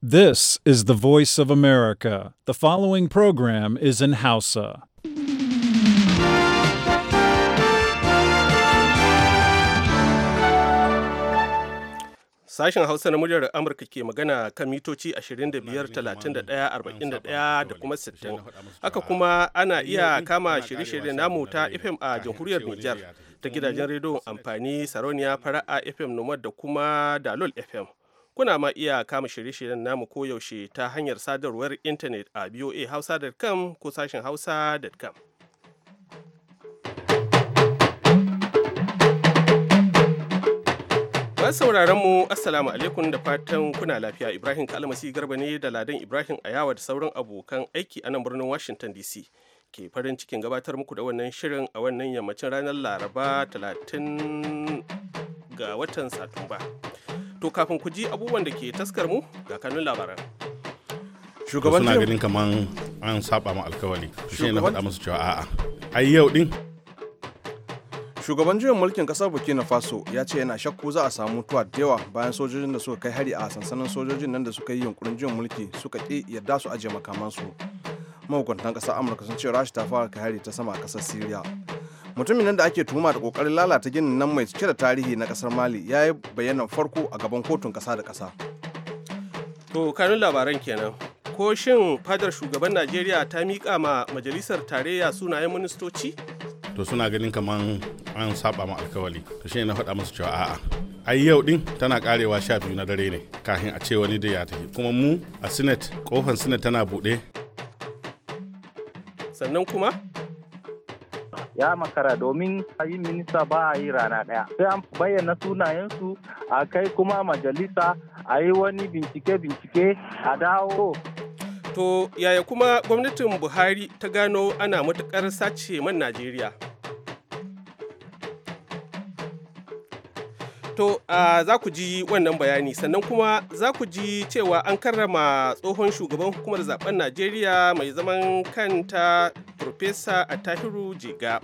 This is the voice of America. The following program is in Hausa. Sashen Hausa na muryar Amurka ke magana kan mitoci 25, da kuma 60. Haka kuma ana iya kama shirye-shirye namu ta FM a jamhuriyar Nijar ta gidajen rediyon amfani Saroniya Fara'a FM Nomad da kuma Dalol FM. kuna ma iya kama shirye-shiryen namu koyaushe ta hanyar sadarwar intanet a hausa.com ko sashen hausa.com Masu sauraron mu Assalamu alaikum da fatan kuna lafiya Ibrahim Kalmasi Garba ne da Ladan Ibrahim Ayawa da sauran abokan aiki a nan birnin Washington DC. Ke farin cikin gabatar muku da wannan shirin a wannan yammacin ranar Laraba 30 ga watan Satumba. To kafin ku ji abubuwan da ke taskar mu ga kanun labaran. Shugaban suna ganin kaman an saba ma alkawali. Shi na faɗa musu cewa a'a. Ai yau din Shugaban juyin mulkin kasar Burkina Faso ya ce yana shakku za a samu tuwa da yawa bayan sojojin da suka kai hari a sansanin sojojin nan da suka yi yunkurin juyin mulki suka ƙi yadda su ajiye makamansu. Mahukuntan ƙasar Amurka sun ce Rasha ta fara kai hari ta sama a ƙasar Siriya. mutumin nan da ake tuhuma da kokarin lalata ginin nan mai cike da tarihi na kasar mali ya yi bayanan farko a gaban kotun kasa da kasa to kanun labaran kenan ko shin fadar shugaban najeriya ta miƙa ma majalisar tarayya sunayen ministoci to suna ganin kamar an saba ma alkawali to shi na faɗa musu cewa a'a ai yau din tana karewa sha biyu na dare ne kafin a ce wani da ya tafi kuma mu a senate kofan senate tana buɗe sannan kuma ya makara domin yi minista ba a yi rana ɗaya sai an bayyana sunayensu a kai kuma majalisa a yi wani bincike-bincike a dawo to yaya kuma gwamnatin buhari ta gano ana matukar sace man najeriya To za ku ji wannan bayani sannan kuma za ku ji cewa an karrama tsohon shugaban hukumar zaben Najeriya mai zaman kanta Profesa atahiru Jega.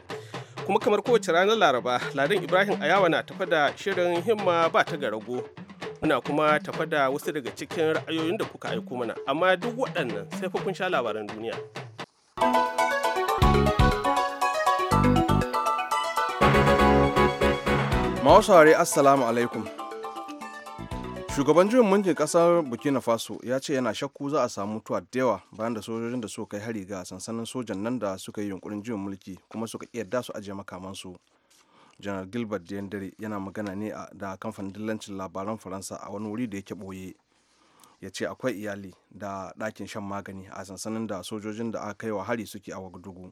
Kuma kamar kowace ranar Laraba, Ladan Ibrahim Ayawa na tafa da shirin himma ba ta garago. Muna kuma tafa da wasu daga cikin ra'ayoyin da kuka aiko mana, amma duk waɗannan sai fa kun sha labaran duniya. mawasare Assalamu alaikum. Shugaban juyin mulkin kasar Burkina Faso ya ce yana shakku za a samu mutuwa da yawa bayan da sojojin da suka kai hari ga sansanin sojan nan da suka yi yunkurin juyin mulki kuma suka iya su ajiye makamansu. Janar Gilbert Diendere yana magana ne da kamfanin dillancin labaran Faransa a wani wuri da yake ɓoye. ya ce akwai iyali da ɗakin shan magani a sansanin da sojojin da aka kai wa hari suke a wagudugu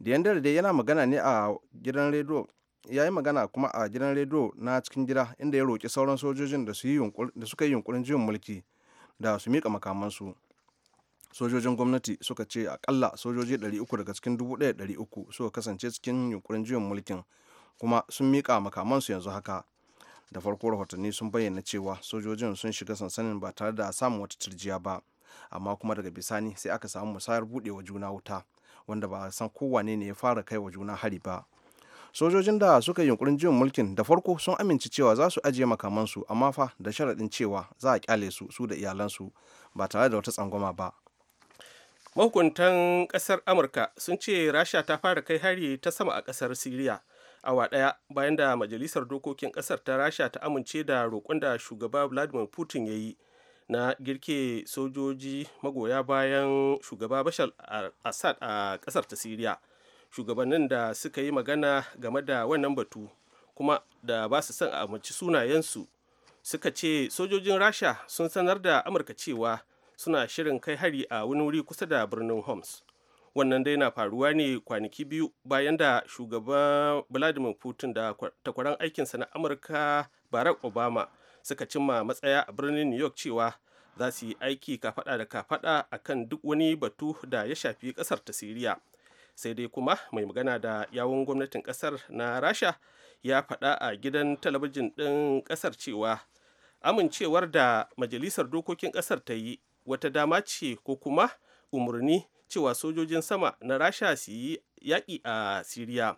da dai yana magana ne a gidan rediyo ya yi magana kuma a gidan rediyo na cikin gida inda ya roƙi sauran sojojin da suka yi yunkurin juyin mulki da su miƙa makamansu sojojin gwamnati suka ce akalla sojoji 300 daga cikin 1,300 suka kasance cikin yunkurin juyin mulkin kuma sun miƙa makamansu yanzu haka da farko rahotanni sun bayyana cewa sojojin sun shiga sansanin ba tare da samun wata turjiya ba amma kuma daga bisani sai aka samu musayar buɗewa juna wuta wanda ba a san kowane ne ya fara kai wa juna hari ba sojojin da suka yi yunkurin jin mulkin da farko sun amince cewa za su ajiye makamansu amma fa da sharaɗin cewa za a kyale su su da iyalansu ba tare da wata tsangwama ba mahukuntan ƙasar amurka sun ce rasha ta fara kai hari ta sama a ƙasar siriya awa ɗaya bayan da majalisar dokokin ƙasar ta rasha ta amince da roƙon da shugaba vladimir putin ya yi na girke sojoji magoya bayan shugaba bashar assad a ƙasar ta siriya shugabannin da suka yi magana game da wannan batu kuma da ba su son a amince sunayensu suka ce sojojin rasha sun sanar da amurka cewa suna shirin kai hari a wani wuri kusa da birnin homs wannan dai na faruwa ne kwanaki biyu bayan da shugaban vladimir putin da takwaran aikinsa na amurka barack obama suka cimma matsaya a birnin new york cewa za su yi aiki kafada da kafada akan duk wani batu da ya shafi kasar ta siriya sai dai kuma mai magana da yawun gwamnatin kasar na rasha ya faɗa a gidan talabijin ɗin kasar cewa amincewar da majalisar dokokin kasar ta yi wata dama ce ko kuma umarni cewa sojojin sama na rasha su yi yaƙi a siriya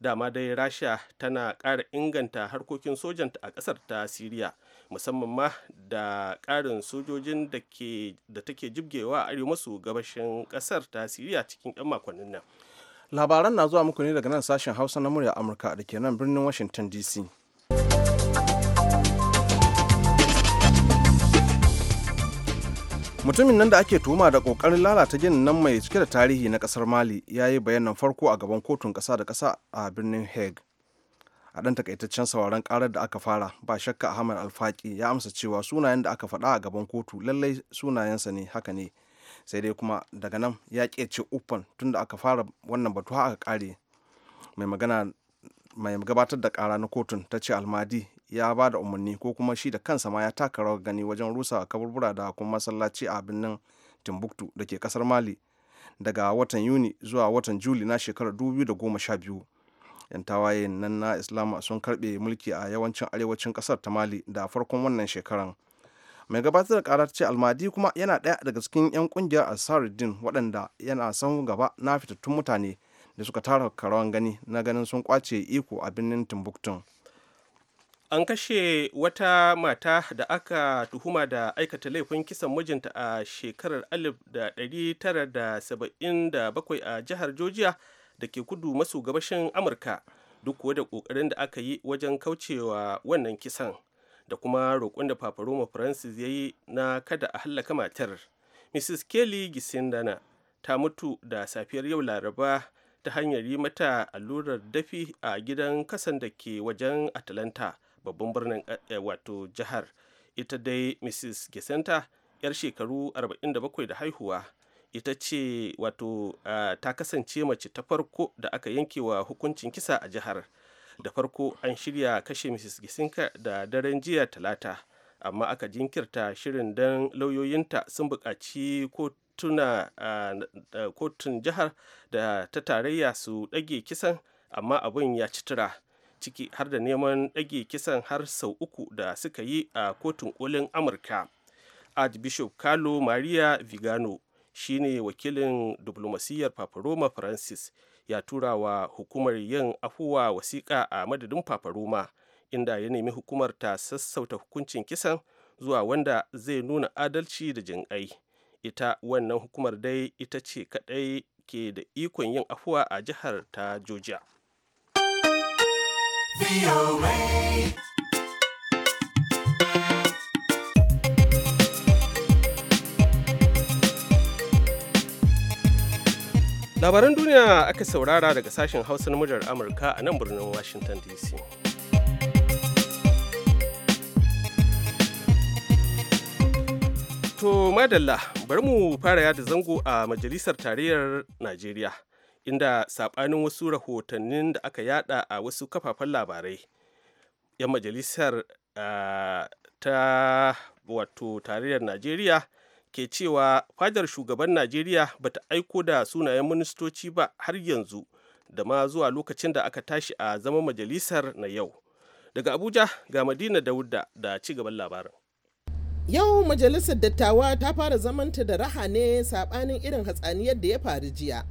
dama dai rasha tana ƙara inganta harkokin sojanta a ƙasar ta siriya musamman ma da ƙarin sojojin da take jibgewa a arewa masu gabashin ƙasar ta siriya cikin 'yan makonnin nan labaran na zuwa muku ne daga nan sashen hausa na murya amurka da ke nan birnin washington dc mutumin nan da ake tuhuma da kokarin lalata ginin nan mai cike da tarihi na kasar mali ya yi bayanan farko a gaban kotun kasa da kasa a birnin hague a ɗan takaitaccen sauraron karar da aka fara ba shakka ahmad alfaki ya amsa cewa sunayen da aka faɗa a gaban kotu lallai sunayensa ne haka ne sai dai kuma daga nan ya ce uffan tunda aka fara wannan batu aka kare mai magana mai gabatar da kara na kotun ta ce almadi ya ba da umarni ko kuma shi da kansa ma ya taka rawar gani wajen rusa kaburbura da kuma masallaci a birnin timbuktu da ke kasar mali daga watan yuni zuwa watan juli na shekarar 2012 'yan tawayen nan na islama sun karbe mulki a yawancin arewacin kasar ta mali da farkon wannan shekaran mai gabatar da karar ce almadi kuma yana daya daga cikin 'yan kungiyar asaruddin waɗanda yana san gaba na fitattun mutane da suka tara karawan gani na ganin sun kwace iko a birnin timbuktu an kashe wata mata da aka tuhuma da aikata laifin kisan mijinta a shekarar 1977 a jihar georgia da ke kudu maso gabashin amurka duk kuwa da kokarin da aka yi wajen kaucewa wannan kisan da kuma roƙon da paparoma francis ya yi na kada a hallaka matar mrs kelly gisindana ta mutu da safiyar yau laraba ta hanyar yi mata allurar dafi a gidan kasan da ke wajen atlanta babban birnin eh, wato jihar ita dai mrs gisanta yar shekaru 47 da haihuwa ita ce wato ta kasance mace ta farko da aka yanke wa hukuncin kisa a jihar da farko an shirya kashe mrs gisinka da daren jiya talata amma aka jinkirta shirin don lauyoyinta sun buƙaci kotun jihar da ta tarayya su ɗage kisan amma abin ya ci tura ciki har da neman ɗage kisan har sau uku da suka yi a kotun kolin amurka archbishop carlo maria vigano shine wakilin diplomasiyyar roma francis ya tura wa hukumar yin afuwa wasiƙa a madadin roma inda ya nemi hukumar ta sassauta hukuncin kisan zuwa wanda zai nuna adalci da jinƙai ita wannan hukumar dai ita ce kaɗai ke da ikon yin afuwa a jihar ta georgia labaran duniya aka saurara daga sashen hausa na muryar amurka a nan birnin washington dc to madalla bari mu fara yada zango a majalisar tarayyar najeriya inda saɓanin wasu rahotannin da aka yada a wasu kafafen labarai 'yan majalisar ah, ta wato tarayyar najeriya ke cewa fadar shugaban najeriya ba ta aiko da sunayen ministoci ba har yanzu da ma zuwa lokacin da aka tashi a zama majalisar na yau daga abuja ga madina dauda da ci gaban labarin yau majalisar dattawa ta fara zamanta da raha ne sabanin irin hatsaniyar da ya faru jiya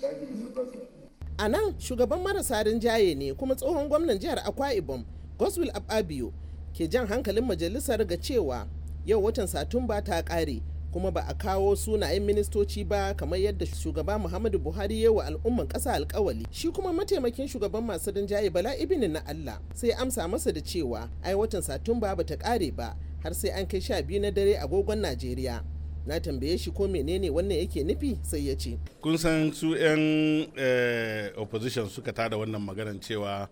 Thank you, Mr. President. a nan shugaban marasa rinjaye ne kuma tsohon gwamnan jihar akwa ibom goswill ababio ke jan hankalin majalisar ga cewa yau watan satumba ta kare kuma ba a kawo sunayen ministoci ba kamar yadda shugaba muhammadu buhari ya wa al'umman kasa alkawali shi kuma mataimakin shugaban masu rinjaye bala ibinin na allah sai amsa masa da cewa ai watan satumba ba ta kare ba har sai an kai sha biyu na dare agogon najeriya na tambaye shi ko menene wannan yake nufi sai ya ce kun san su 'yan eh, opposition suka tada wannan maganar cewa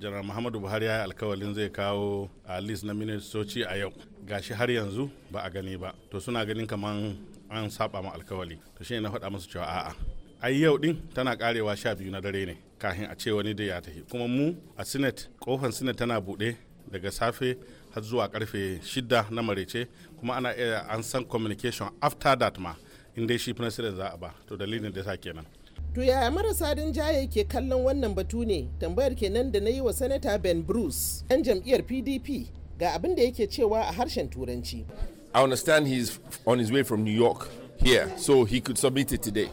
janar muhammadu buhari ya alkawalin zai kawo a list na ministoci a yau gashi har yanzu ba a gani ba to suna ganin kaman an saba ma alkawali to shi na faɗa musu cewa a'a ai yau din tana karewa sha biyu na dare ne kafin a ce wani da ya tafi kuma mu a senate kofan senate tana buɗe daga safe har zuwa karfe shida na marece kuma ana iya an san communication after that ma inda shi president za a ba to dalilin da sa kenan to yaya marasa jaye ke kallon wannan batu ne tambayar kenan da na yi wa sanata ben bruce yan jam'iyyar pdp ga abin da yake cewa a harshen turanci i understand he's on his way from new york here so he could submit it today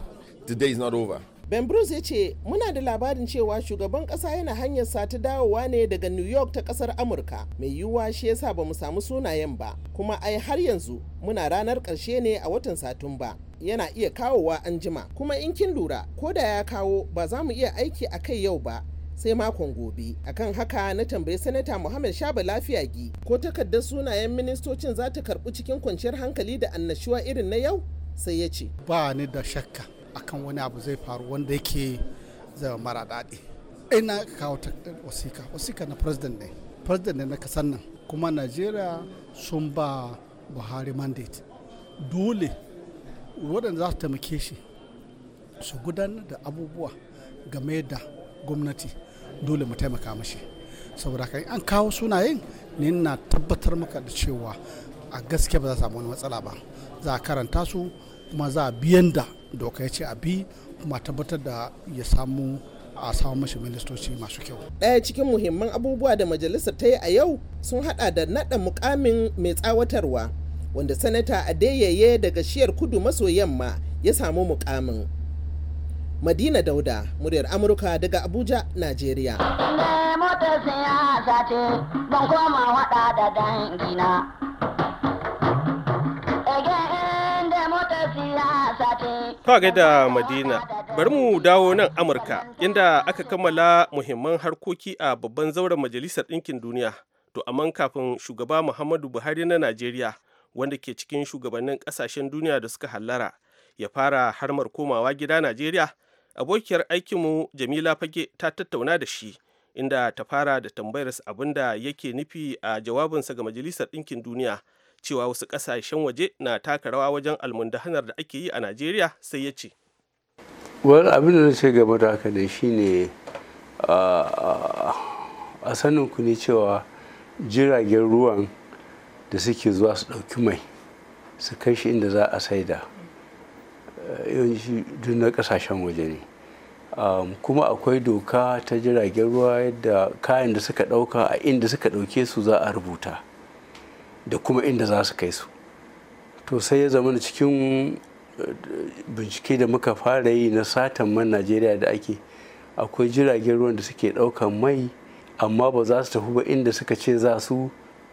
today is not over Ben Bruce ya ce, Muna da labarin cewa shugaban kasa yana hanyar sa ta dawowa ne daga New York ta kasar Amurka. Mai yiwuwa shi yasa ba mu samu sunayen ba, kuma ai har yanzu muna ranar ƙarshe ne a watan Satumba. Yana iya kawowa an jima, kuma in kin lura, ko da ya kawo ba za mu iya aiki a kai yau ba, sai makon gobe akan haka na tambayi sanata muhammad shaba lafiya gi ko takardar sunayen ministocin za ta karbu cikin kwanciyar hankali da annashuwa irin na yau sai ya ce ba ni da shakka akan wani abu zai faru wanda yake zama mara daɗi ina kawo wasika wasika na president ne president ne na kasar nan kuma najeriya sun ba buhari mandate dole waɗanda za su taimake shi su gudanar da abubuwa game da gwamnati dole mu taimaka mashi saboda kan an kawo sunayen ne na tabbatar maka da cewa a gaske ba za samu wani matsala ba za a karanta su kuma za a biyan da doka ya ce a bi kuma tabbatar da ya samu a samun mashi ministoci masu kyau. daya cikin muhimman abubuwa da majalisar ta yi a yau sun hada da nada mukamin mai tsawatarwa wanda sanata a dayaye daga shiyar kudu maso yamma ya samu mukamin. Madina Dauda, muryar Amurka daga Abuja, Najeriya. Inda motar ya ban koma wada da dangina. To da Madina, bari mu dawo nan Amurka inda aka kammala muhimman harkoki a babban zauren Majalisar Ɗinkin Duniya. To amma kafin shugaba Muhammadu Buhari na Najeriya wanda ke cikin shugabannin ƙasashen duniya da suka hallara ya fara harmar komawa gida Najeriya, abokiyar aikinmu Jamila Fage ta tattauna da shi inda ta fara da tambayar abin da yake nufi a jawabinsa ga Majalisar Ɗinkin Duniya cewa wasu ƙasashen waje na taka rawa wajen almundahanar da ake yi a najeriya sai ya ce wani abin da ce game da haka ne shine a sanin ku ne cewa jiragen ruwan da suke zuwa su ɗauki mai su kai shi inda za a saida yawanci duk na ƙasashen waje ne kuma akwai doka ta jiragen ruwa yadda kayan da suka ɗauka a inda suka ɗauke su za a rubuta da kuma inda za su kai su to sai ya zama cikin eh, bincike da muka fara yi na satan man najeriya da ake akwai jiragen ruwan da suke ɗaukan mai amma ba za su tafi ba inda suka ce za su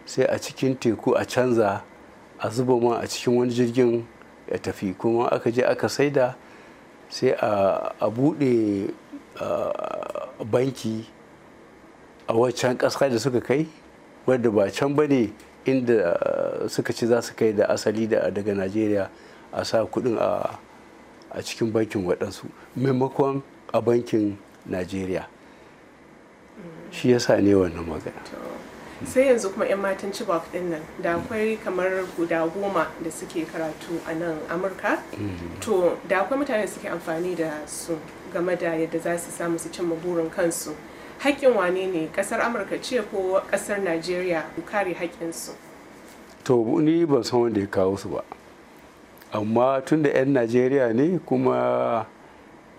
sai a cikin teku a canza a zuba ma a cikin wani jirgin ya tafi kuma aka je aka saida sai a buɗe banki a waccan ƙasa da suka kai wadda ba can ba ne inda uh, suka ci za su kai da asali daga najeriya a sa kudin a cikin bankin waɗansu maimakon a bankin najeriya shi ya sa ne wannan magana sai yanzu kuma 'yan matan chibok din nan da akwai kamar guda goma da suke karatu a nan amurka mm-hmm. to da akwai mutane suke amfani da su game da yadda za su samu su cimma burin kansu hakkin wane ne ƙasar amurka ce ko ƙasar najeriya kare haƙƙinsu to ni ban san wanda ya kawo su ba amma tun da 'yan najeriya ne kuma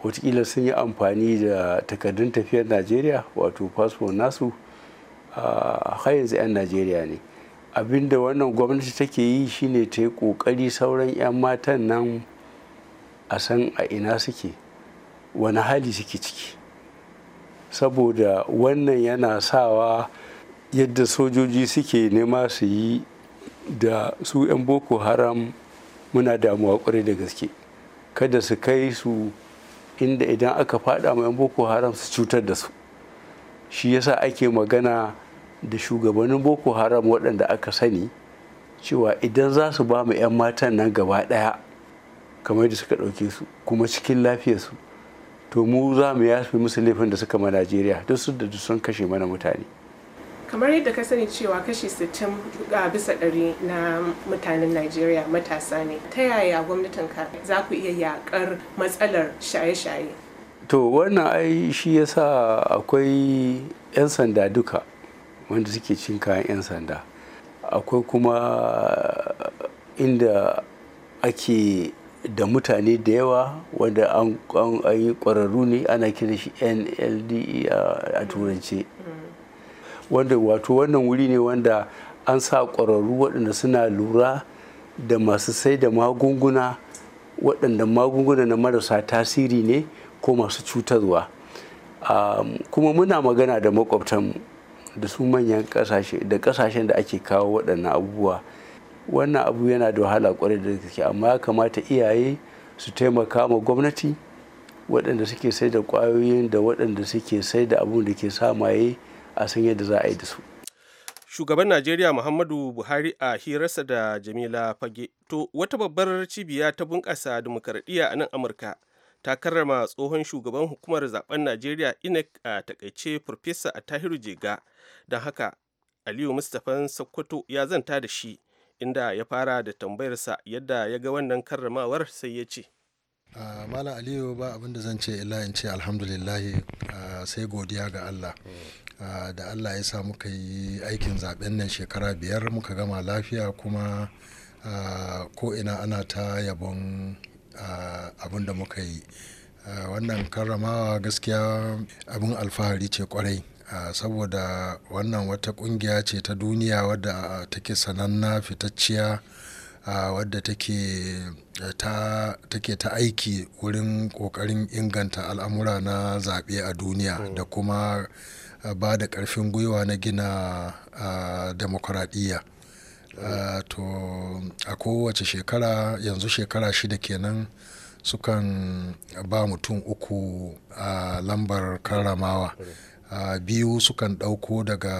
watakila sun yi amfani da takardun tafiyar najeriya wato fasfo nasu har yanzu 'yan najeriya ne abinda wannan gwamnati take yi shine ta yi kokari sauran 'yan matan nan a san a ina suke wani hali suke ciki saboda wannan yana sawa yadda sojoji suke nema su yi da su 'yan boko haram muna damuwa kwarai da gaske kada su kai su inda idan aka fada ma 'yan boko haram su cutar da su shi yasa ake magana da shugabannin boko haram waɗanda aka sani cewa idan za su ba mu 'yan matan nan gaba ɗaya kamar da suka ɗauke su kuma cikin lafiyarsu to mu za mu yafi musu laifin da suka ma najeriya duk su da sun kashe mana mutane kamar yadda ka sani cewa kashi 60 bisa ɗari na mutanen najeriya matasa ne ta yaya gwamnatin ka za ku iya yakar matsalar shaye-shaye to wannan ai shi yasa akwai 'yan sanda duka wanda suke cin kayan 'yan sanda akwai kuma inda ake da mutane da yawa wanda an yi ƙwararru ne ana kira shi nlde a turance wanda wato wannan wuri ne wanda an sa ƙwararru waɗanda suna lura da masu sai da magunguna waɗanda magunguna na marasa tasiri ne ko masu cutarwa kuma muna magana da makwabtan da su manyan da ƙasashen da ake kawo waɗannan abubuwa wannan abu yana da wahala kwarai da gaske amma ya kamata iyaye su taimaka ma gwamnati waɗanda suke sai da ƙwayoyin da waɗanda suke sai da abun da ke samaye a san yadda za a yi da su shugaban najeriya muhammadu buhari a hirarsa da jamila fage to wata babbar cibiya ta bunƙasa dimokuraɗiyya a nan amurka ta karrama tsohon shugaban hukumar zaben najeriya inec a takaice farfesa a tahiru jega don haka aliyu mustapha sokoto ya zanta da shi inda ya fara da tambayarsa yadda ya ga wannan karramawar sai ya ce ah, Malam Aliyu ba abin da zan ce illa in ce alhamdulillahi ah, sai godiya ga Allah ah, da Allah ya sa muka yi aikin zaben nan shekara biyar muka gama lafiya kuma ko ina ana ta yabon abin da muka yi wannan karramawa gaskiya abin alfahari ce kwarai saboda wannan wata kungiya ce ta duniya wadda take sananna fitacciya wadda take ta aiki wurin kokarin inganta al'amura na zaɓe a duniya hmm. da kuma ba da ƙarfin gwiwa na gina demokuraɗiyya hmm. to a kowace shekara yanzu shekara shida kenan sukan ba mutum uku a lambar karramawa. Hmm. biyu sukan ɗauko daga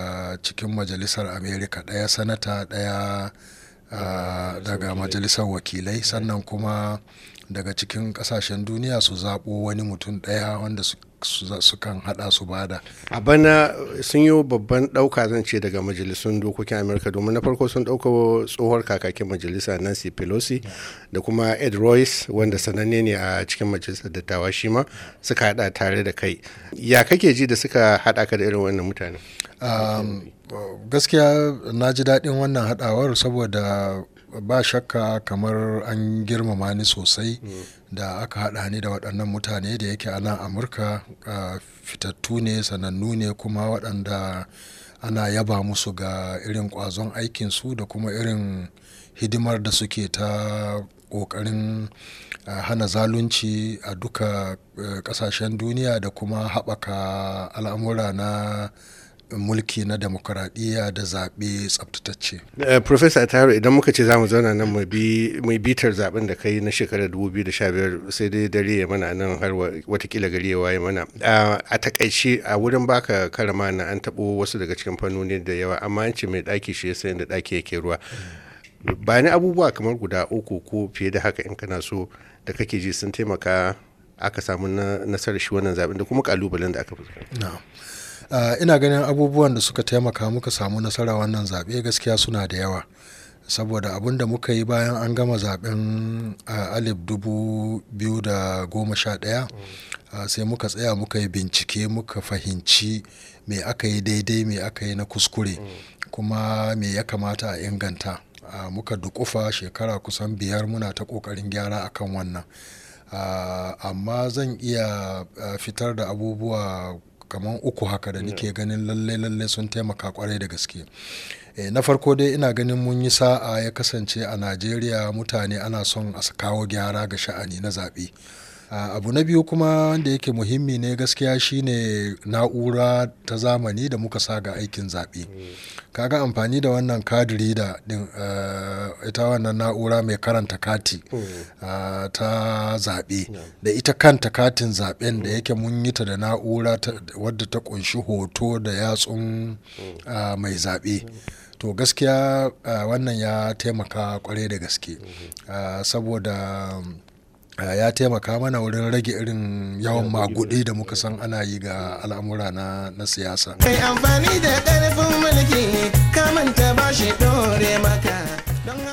cikin majalisar amerika ɗaya sanata ɗaya daga majalisar wakilai sannan kuma daga cikin kasashen duniya su zaɓo wani mutum ɗaya wanda su kan haɗa su bada. a bana sun yi babban ɗauka zan ce daga majalisun dokokin amurka domin na farko sun ɗauka tsohuwar kakakin majalisa nancy pelosi da kuma ed royce wanda sananne ne a cikin majalisar dattawa shi ma suka haɗa tare da kai ya kake ji da suka haɗa ka da irin wannan mutane gaskiya na ji daɗin wannan haɗawar saboda ba shakka kamar an girmama ni sosai mm. da aka haɗa ni da waɗannan mutane da yake a nan amurka fitattu ne sanannu ne kuma waɗanda ana yaba musu ga irin ƙwazon aikinsu da kuma irin hidimar da suke ta ƙoƙarin hana zalunci a duka e, ƙasashen duniya da kuma haɓaka al'amura na mulki na demokuraɗiyya da zaɓe tsabtatacce. Eh, Profesa Ataru idan muka ce za mu zauna nan mai bitar zaɓen da kai na shekarar 2015 sai dai dare ya mana nan har watakila gari ya waye mana. A takaice a wurin baka karama na an taɓo wasu daga cikin fannoni da yawa amma an ce mai ɗaki shi ya sayan da ɗaki yake ruwa. Ba abubuwa kamar guda uku ko fiye da haka in kana so da kake ji sun taimaka aka samu nasarar shi wannan zaɓen da kuma ƙalubalen da aka fuskanta. Eh, ina ganin abubuwan da suka taimaka muka samu nasara wannan zaɓe gaskiya suna da yawa saboda abin da muka yi bayan an gama zaɓen eh, alif dubu biyu da goma sha ɗaya eh, sai muka tsaya muka yi bincike muka fahimci me aka yi daidai me aka yi na kuskure kuma me ya kamata a inganta muka dukufa shekara kusan biyar muna ta ƙoƙarin gyara akan wannan amma zan iya fitar da abubuwa kamar uku haka da nike ganin lalle lalle sun taimaka kwarai da gaske eh, na farko dai ina ganin mun yi sa'a ya kasance a najeriya mutane ana son a kawo gyara ga sha'ani na zaɓe abu na biyu kuma wanda yake muhimmi ne gaskiya shine na'ura ta zamani da muka sa ga aikin zaɓe kaga amfani da wannan card reader eh, ita wannan na'ura mai karanta kati hmm. eh, ta zaɓe da ita kanta katin zaɓen da yake mun yi ta da na'ura wadda ta kunshi hoto da yatsun hmm. eh, mai zaɓe to gaskiya wannan ya taimaka kwarai da gaske hmm. saboda ya taimaka mana wurin rage irin yawan magudi da muka san ana yi ga al'amura na, na siyasa. Kai amfani da ƙarfin mulki kamanta ba shi ɗore maka.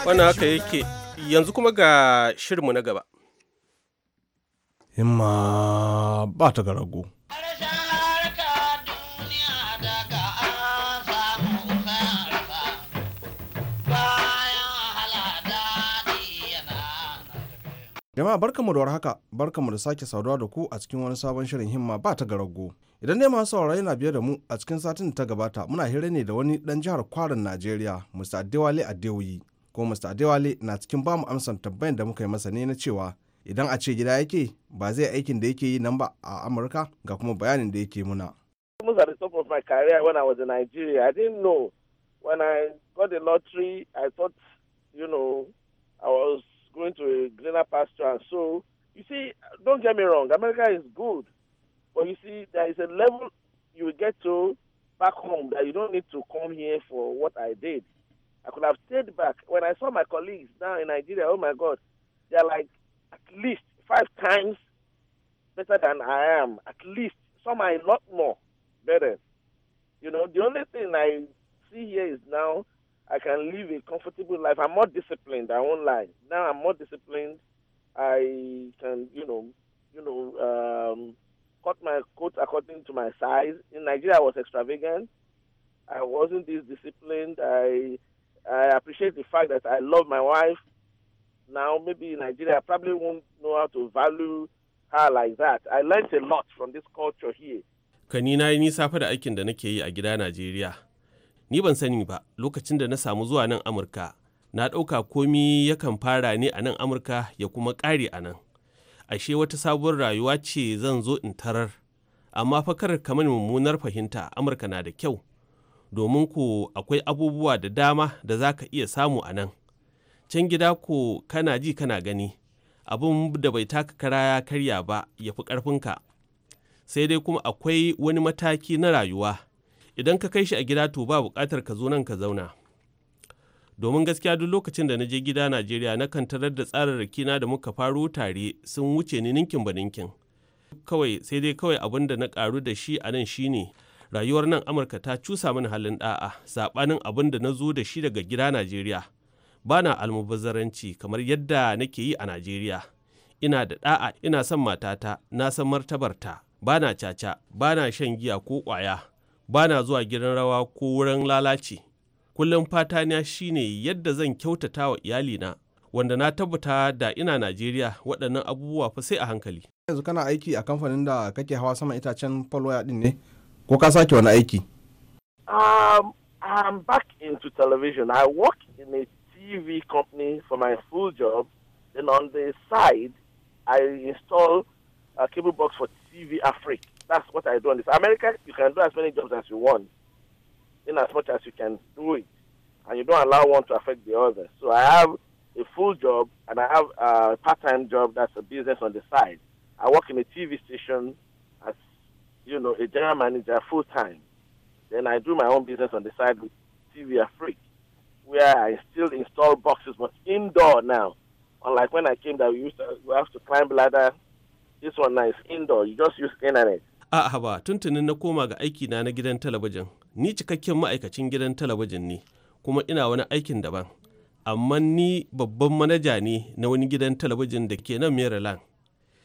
Wannan haka yake yanzu kuma ga shirinmu na gaba. Himma ba ta ga rago. Jama'a barkanmu da warhaka, barkanmu da sake saduwa da ku a cikin wani sabon shirin himma ba ta garago. Idan dai masu saurari na biye da mu a cikin satin da ta gabata muna hira ne da wani dan jihar Kwarin Najeriya, Mr. Adewale Adewoyi. Ko Mr. Adewale na cikin bamu amsan tambayan da muka yi masa ne na cewa idan a ce gida yake ba zai aikin da yake yi nan ba a Amurka ga kuma bayanin da yake muna. I was going to a greener pasture and so you see don't get me wrong america is good but you see there is a level you get to back home that you don't need to come here for what i did i could have stayed back when i saw my colleagues now in nigeria oh my god they're like at least five times better than i am at least some are a lot more better you know the only thing i see here is now I can live a comfortable life. I'm more disciplined. I won't lie. Now I'm more disciplined. I can, you know, you know, um, cut my coat according to my size. In Nigeria, I was extravagant. I wasn't this disciplined. I I appreciate the fact that I love my wife. Now, maybe in Nigeria, I probably won't know how to value her like that. I learned a lot from this culture here. Kanina, ni safe da aikin da nake yi a gida Najeriya. ni ban sani ba lokacin da na samu zuwa nan amurka na ɗauka komi yakan fara ne a nan amurka ya kuma ƙare a nan ashe wata sabuwar rayuwa ce zan zo in tarar amma fakar mani mummunar fahimta amurka na da kyau domin ku, akwai abubuwa da dama da za ka iya samu a nan can gida ku, kana ji kana gani abin da bai taka kara ya karya ba ya fi ƙarfinka sai dai kuma akwai wani mataki na rayuwa idan ka kai shi a gida to ba buƙatar ka zo nan ka zauna domin gaskiya duk lokacin da na je gida najeriya na kan tarar da tsararraki na da muka faro tare sun wuce ni ninkin ba ninkin kawai sai dai kawai abin da na karu da shi a nan shine rayuwar nan amurka ta cusa mini halin da'a saɓanin abin da na zo da shi daga gida najeriya ba na almubazzaranci kamar yadda nake yi a najeriya ina da da'a ina son matata na san martabarta ba na caca ba na shan giya ko ƙwaya ba na zuwa gidan rawa ko wurin lalaci kullum fata na shine yadda zan kyautata wa iyalina wanda na tabbata da ina najeriya waɗannan abubuwa fa sai a hankali yanzu kana aiki a kamfanin da kake hawa sama itacen falwaya din ne ko ka sake wani aiki um, I'm back into television. I work in a TV company for my full job. Then on the side, I install a cable box for TV Africa. that's what I do in this. America, you can do as many jobs as you want, in as much as you can do it, and you don't allow one to affect the other. So I have a full job and I have a part-time job that's a business on the side. I work in a TV station as you know a general manager full time. Then I do my own business on the side with TV Freak, where I still install boxes but indoor now. Unlike when I came that we used to we have to climb ladder. This one now is indoor. You just use internet. A'a ba, tuntunin na koma ga aikina na gidan talabijin. Ni cikakken ma'aikacin gidan talabijin ne, kuma ina wani aikin daban. Amma ni babban manaja ne na wani gidan talabijin da ke nan Maryland.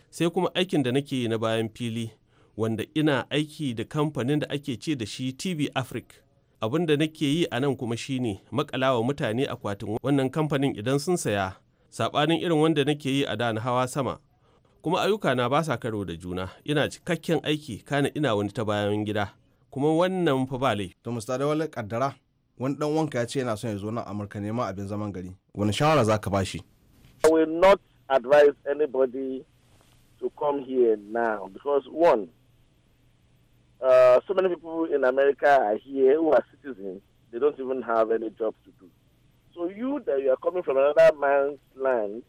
Sai kuma aikin da nake yi na bayan fili, wanda ina aiki da kamfanin da ake ce da shi TV Africa. Abin da nake yi a nan kuma shine makalawa mutane akwatin wannan kamfanin idan sun saya, saɓanin irin wanda nake yi a da na hawa sama. kuma ayyukana ba sa karo da juna ina cikakken aiki kana ina wani ta bayan gida kuma wannan fa ba lai. to mr dawal kaddara wani dan wanka ya ce yana son ya zo nan amurka neman abin zaman gari wani shawara za ka ba shi. i will not advise anybody to come here now because one uh, so many people in america are here who are citizens they don't even have any job to do so you that you are coming from another man's land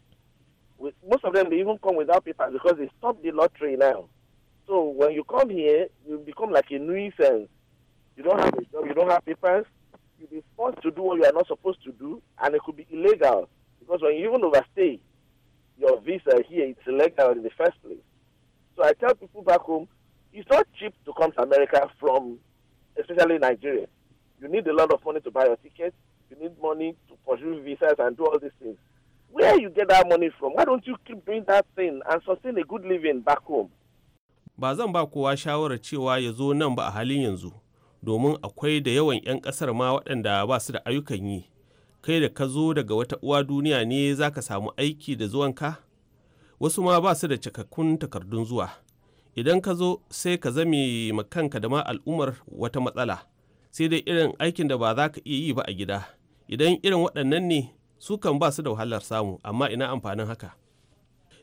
With, most of them, they even come without papers because they stopped the lottery now. So when you come here, you become like a nuisance. You don't have a job, you don't have papers. You'll be forced to do what you are not supposed to do, and it could be illegal because when you even overstay your visa here, it's illegal in the first place. So I tell people back home, it's not cheap to come to America from, especially Nigeria. You need a lot of money to buy your tickets. You need money to pursue visas and do all these things. where you get that money from? Why don't you keep doing that thing and sustain a good living back home? Ba zan ba kowa shawarar cewa ya zo nan ba a halin yanzu, domin akwai da yawan 'yan kasar ma waɗanda ba su da ayyukan yi. Kai da ka zo daga wata uwa duniya ne za ka samu aiki da zuwan ka Wasu ma ba su da cikakkun takardun zuwa. Idan ka zo sai ka zame kanka da ma al'ummar wata matsala, sai dai irin aikin da ba za ka iya yi ba a gida. Idan irin waɗannan ne su kan ba su da wahalar samu amma ina amfanin haka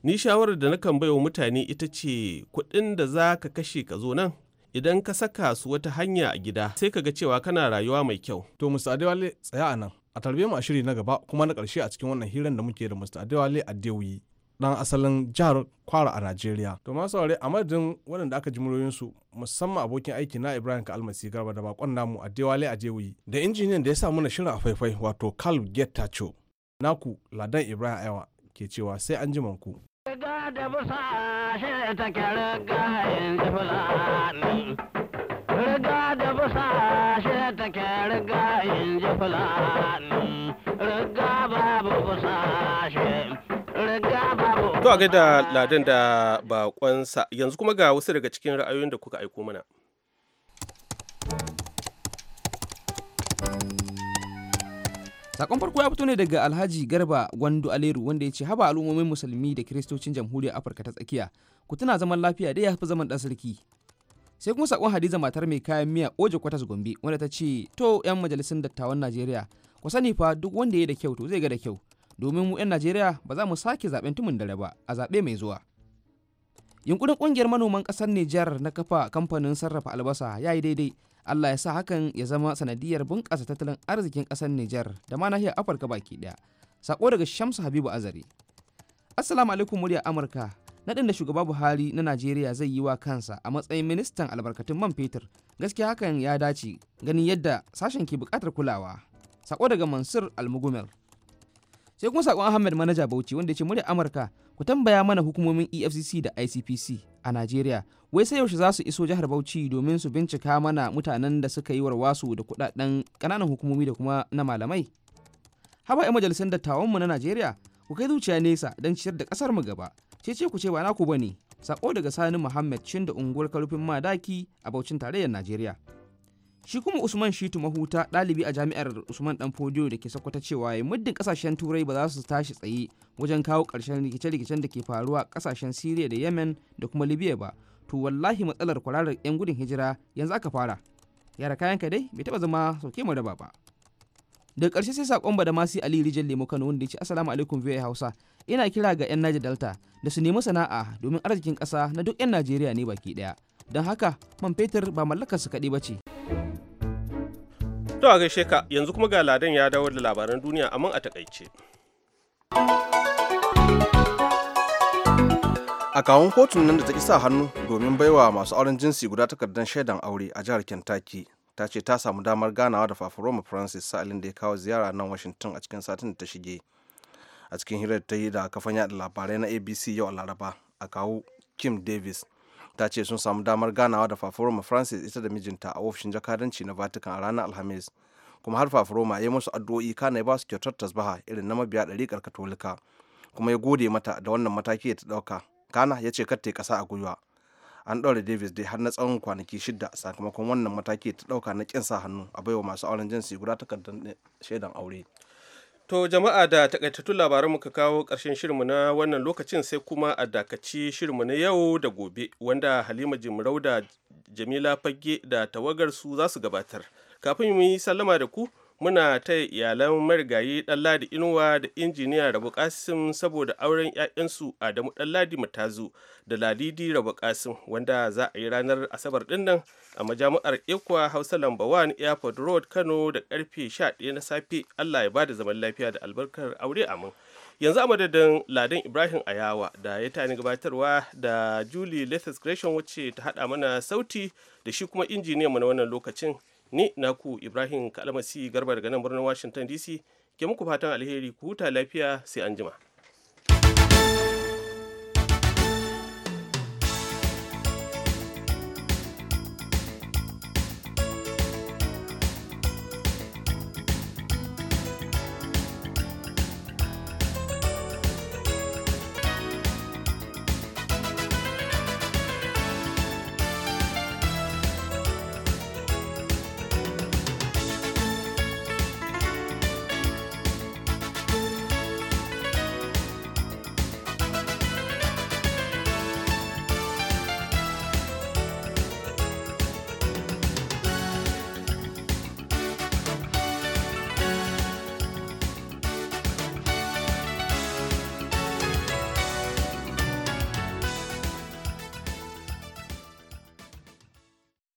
ni shawarar da na nakan baiwa mutane ita ce kuɗin da za ka kashe ka zo nan idan ka saka su wata hanya a gida sai ka ga cewa kana rayuwa mai kyau to musta adewale tsaya a nan a tarbe mu a shiri na gaba kuma na ƙarshe a cikin wannan hirar da muke da musta adewale dewi dan asalin jihar kwara a najeriya to masu saurare a madadin waɗanda aka ji su musamman abokin aiki na ibrahim ka almasi garba da bakon namu a dewale a da injiniyan da ya sa mana shirin a faifai wato kalb getacho naku ladan ibrahim aiwa ke cewa sai an ji manku. Riga da busa shi ta ke riga yin ji Riga da busa shi ta ke riga yin ji fulani. Riga babu busa shi To a gaida ladan da bakonsa yanzu kuma ga wasu daga cikin ra'ayoyin da kuka aiko mana. sakon farko ya fito ne daga alhaji garba gwandu aleru wanda ya ce haba al'ummomin musulmi da kiristocin jamhuriyar afirka ta tsakiya ku tuna zaman lafiya dai ya fi zaman dan sarki sai kuma sakon hadiza matar mai kayan miya oje kwatas gombe wanda ta ce to yan majalisun dattawan najeriya ku sani fa duk wanda ya da kyau to zai ga da kyau domin mu yan najeriya ba za mu sake zaben tumun dare ba a zabe mai zuwa yunkurin kungiyar manoman kasar Nijar na kafa kamfanin sarrafa albasa ya yi daidai Allah ya sa hakan ya zama sanadiyar bunƙasa tattalin arzikin ƙasar Nijar da ma nahiyar Afirka baki ɗaya. Sako daga Shamsu Habibu Azari. Assalamu alaikum murya Amurka. Naɗin da shugaba Buhari na Najeriya zai yi wa kansa a matsayin ministan albarkatun man fetur. Gaskiya hakan ya dace ganin yadda sashen ke buƙatar kulawa. Sako daga Mansur Almugumel. Sai kuma sakon Ahmed Manaja Bauchi wanda ya ce murya Amurka ku tambaya mana hukumomin efcc da icpc a najeriya wai sai yaushe za su iso jihar bauchi domin su bincika mana mutanen da suka yi warwasu da kudaden kananan hukumomi da kuma na malamai haba 'yan majalisar dattawan mu na najeriya ku kai zuciya nesa don ciyar da kasar mu gaba ce ku ce ba naku bane sako daga sani muhammad cin da unguwar karfin madaki a baucin tarayyar najeriya shi kuma usman shitu mahuta ɗalibi a jami'ar usman dan fodiyo da ke sakwata cewa ya muddin kasashen turai ba za su tashi tsaye wajen kawo ƙarshen rikice-rikicen da ke faruwa kasashen siriya da yemen da kuma libya ba to wallahi matsalar kwararar 'yan gudun hijira yanzu aka fara yara kayan ka dai bai taba zama sauke mu raba ba da ƙarshe sai sakon ba da masu ali rijal lemo kano wanda ya ce assalamu alaikum biyu hausa ina kira ga 'yan naja delta da su nemi sana'a domin arzikin kasa na duk 'yan najeriya ne baki ɗaya don haka man fetur ba mallakar su kaɗai ba ce To a gaishe ka yanzu kuma ga ladan ya dawo da labaran duniya amma a takaice. A kawon kotun nan da ta isa hannu domin baiwa masu auren jinsi guda takardar shaidan aure a jihar Kentucky ta ce ta samu damar ganawa da Fafaroma Francis sa'ilin da ya kawo ziyara nan Washington a cikin satin da ta shige. A cikin hirar ta yi da kafan yada labarai na ABC yau a Laraba a kawo Kim Davis ta ce sun samu damar ganawa da fafaroma francis ita da mijinta a ofishin jakadanci na vatican a ranar alhamis kuma har fafuroma ya yi musu addu'o'i kana ya ba su kyautar tasbaha irin na mabiya ɗariƙar katolika kuma ya gode mata da wannan mataki ya ta ɗauka kana ya ce yi ƙasa a gwiwa an ɗaure davis dai har na tsawon kwanaki shida sakamakon wannan mataki ta ɗauka na ƙin sa hannu a baiwa masu auren jinsi guda takardar shaidan aure To jama'a da takaitattun labaran muka kawo ƙarshen shirinmu na wannan lokacin sai kuma a dakaci shirinmu na yau da gobe wanda Halima Jimrau da Jamila Fagge da tawagarsu za su gabatar. Kafin mu yi sallama da ku, muna ta iyalan marigayi ladi inuwa da injiniya rabu kasim saboda auren 'ya'yansu adamu ladi matazu da ladidi rabu kasim wanda za a yi ranar asabar dinnan a majami'ar ikwa hausa lamba 1 airport road kano da karfe 11 na safe allah ya ba da zaman lafiya da albarkar aure amin yanzu a madadin ladan ibrahim ayawa da ya tani gabatarwa da julie lathes gresham wacce ta hada mana sauti da shi kuma injiniyanmu na wannan lokacin ni naku ibrahim kalmasi garba daga nan birnin washington dc ke muku fatan alheri ku huta lafiya sai anjima.